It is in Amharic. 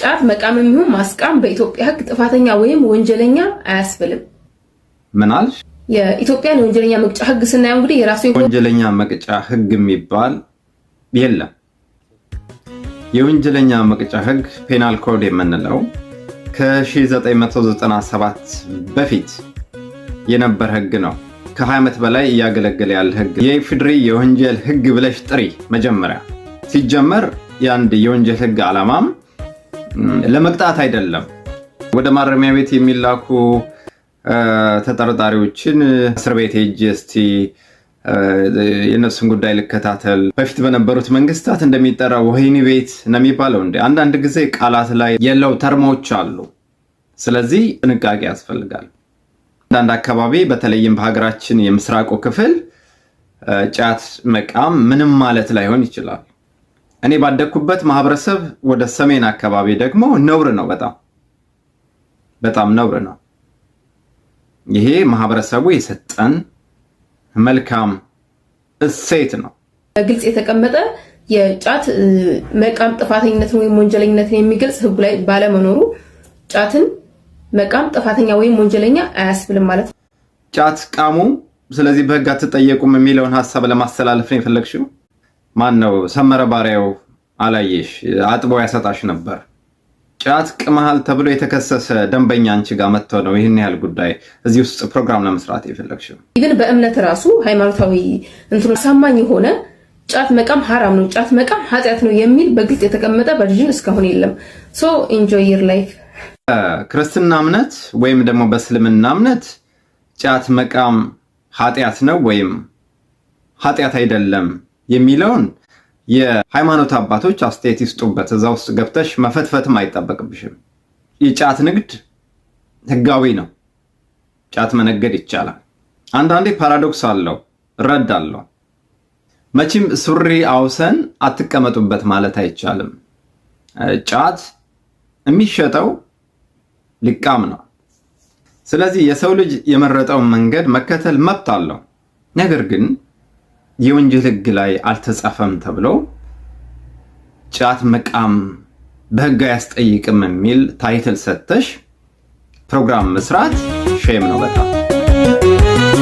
ጫት መቃም የሚሆን ማስቃም በኢትዮጵያ ሕግ ጥፋተኛ ወይም ወንጀለኛ አያስብልም። ምን አልሽ? የኢትዮጵያን የወንጀለኛ መቅጫ ሕግ ስናየው እንግዲህ የራሱ ወንጀለኛ መቅጫ ሕግ የሚባል የለም። የወንጀለኛ መቅጫ ሕግ ፔናል ኮድ የምንለው ከ1997 በፊት የነበር ሕግ ነው። ከ20 ዓመት በላይ እያገለገለ ያለ ሕግ የኢፍድሪ የወንጀል ሕግ ብለሽ ጥሪ መጀመሪያ ሲጀመር የአንድ የወንጀል ሕግ ዓላማም ለመቅጣት አይደለም። ወደ ማረሚያ ቤት የሚላኩ ተጠርጣሪዎችን እስር ቤት ሄጄ እስቲ ጉዳይ ልከታተል። በፊት በነበሩት መንግስታት እንደሚጠራ ወህኒ ቤት ነው የሚባለው። እንደ አንዳንድ ጊዜ ቃላት ላይ የለው ተርሞች አሉ። ስለዚህ ጥንቃቄ ያስፈልጋል። አንዳንድ አካባቢ በተለይም በሀገራችን የምስራቁ ክፍል ጫት መቃም ምንም ማለት ላይሆን ይችላል። እኔ ባደግኩበት ማህበረሰብ ወደ ሰሜን አካባቢ ደግሞ ነውር ነው፣ በጣም በጣም ነውር ነው። ይሄ ማህበረሰቡ የሰጠን መልካም እሴት ነው። በግልጽ የተቀመጠ የጫት መቃም ጥፋተኝነትን ወይም ወንጀለኝነትን የሚገልጽ ህጉ ላይ ባለመኖሩ ጫትን መቃም ጥፋተኛ ወይም ወንጀለኛ አያስብልም ማለት ነው። ጫት ቃሙ፣ ስለዚህ በህግ አትጠየቁም የሚለውን ሀሳብ ለማስተላለፍ ነው የፈለግሽው? ማን ነው ሰመረ ባሪያው አላየሽ አጥቦ ያሰጣሽ ነበር ጫት ቅመሃል ተብሎ የተከሰሰ ደንበኛ አንቺ ጋር መጥቶ ነው ይህን ያህል ጉዳይ እዚህ ውስጥ ፕሮግራም ለመስራት የፈለግሽው? ኢቭን በእምነት ራሱ ሃይማኖታዊ እንትኑ ሳማኝ የሆነ ጫት መቃም ሀራም ነው፣ ጫት መቃም ኃጢአት ነው የሚል በግልጽ የተቀመጠ ቨርዥን እስካሁን የለም። ሶ ኢንጆይ ዩር ላይፍ። ክርስትና እምነት ወይም ደግሞ በእስልምና እምነት ጫት መቃም ኃጢአት ነው ወይም ኃጢአት አይደለም የሚለውን የሃይማኖት አባቶች አስተያየት ይስጡበት። እዛ ውስጥ ገብተሽ መፈትፈትም አይጠበቅብሽም። የጫት ንግድ ህጋዊ ነው። ጫት መነገድ ይቻላል። አንዳንዴ ፓራዶክስ አለው እረዳለሁ። መቼም ሱሪ አውሰን አትቀመጡበት ማለት አይቻልም። ጫት የሚሸጠው ሊቃም ነው። ስለዚህ የሰው ልጅ የመረጠውን መንገድ መከተል መብት አለው። ነገር ግን የወንጀል ህግ ላይ አልተጻፈም ተብሎ ጫት መቃም በህግ አያስጠይቅም የሚል ታይትል ሰጥተሽ ፕሮግራም መስራት ሼም ነው በጣም።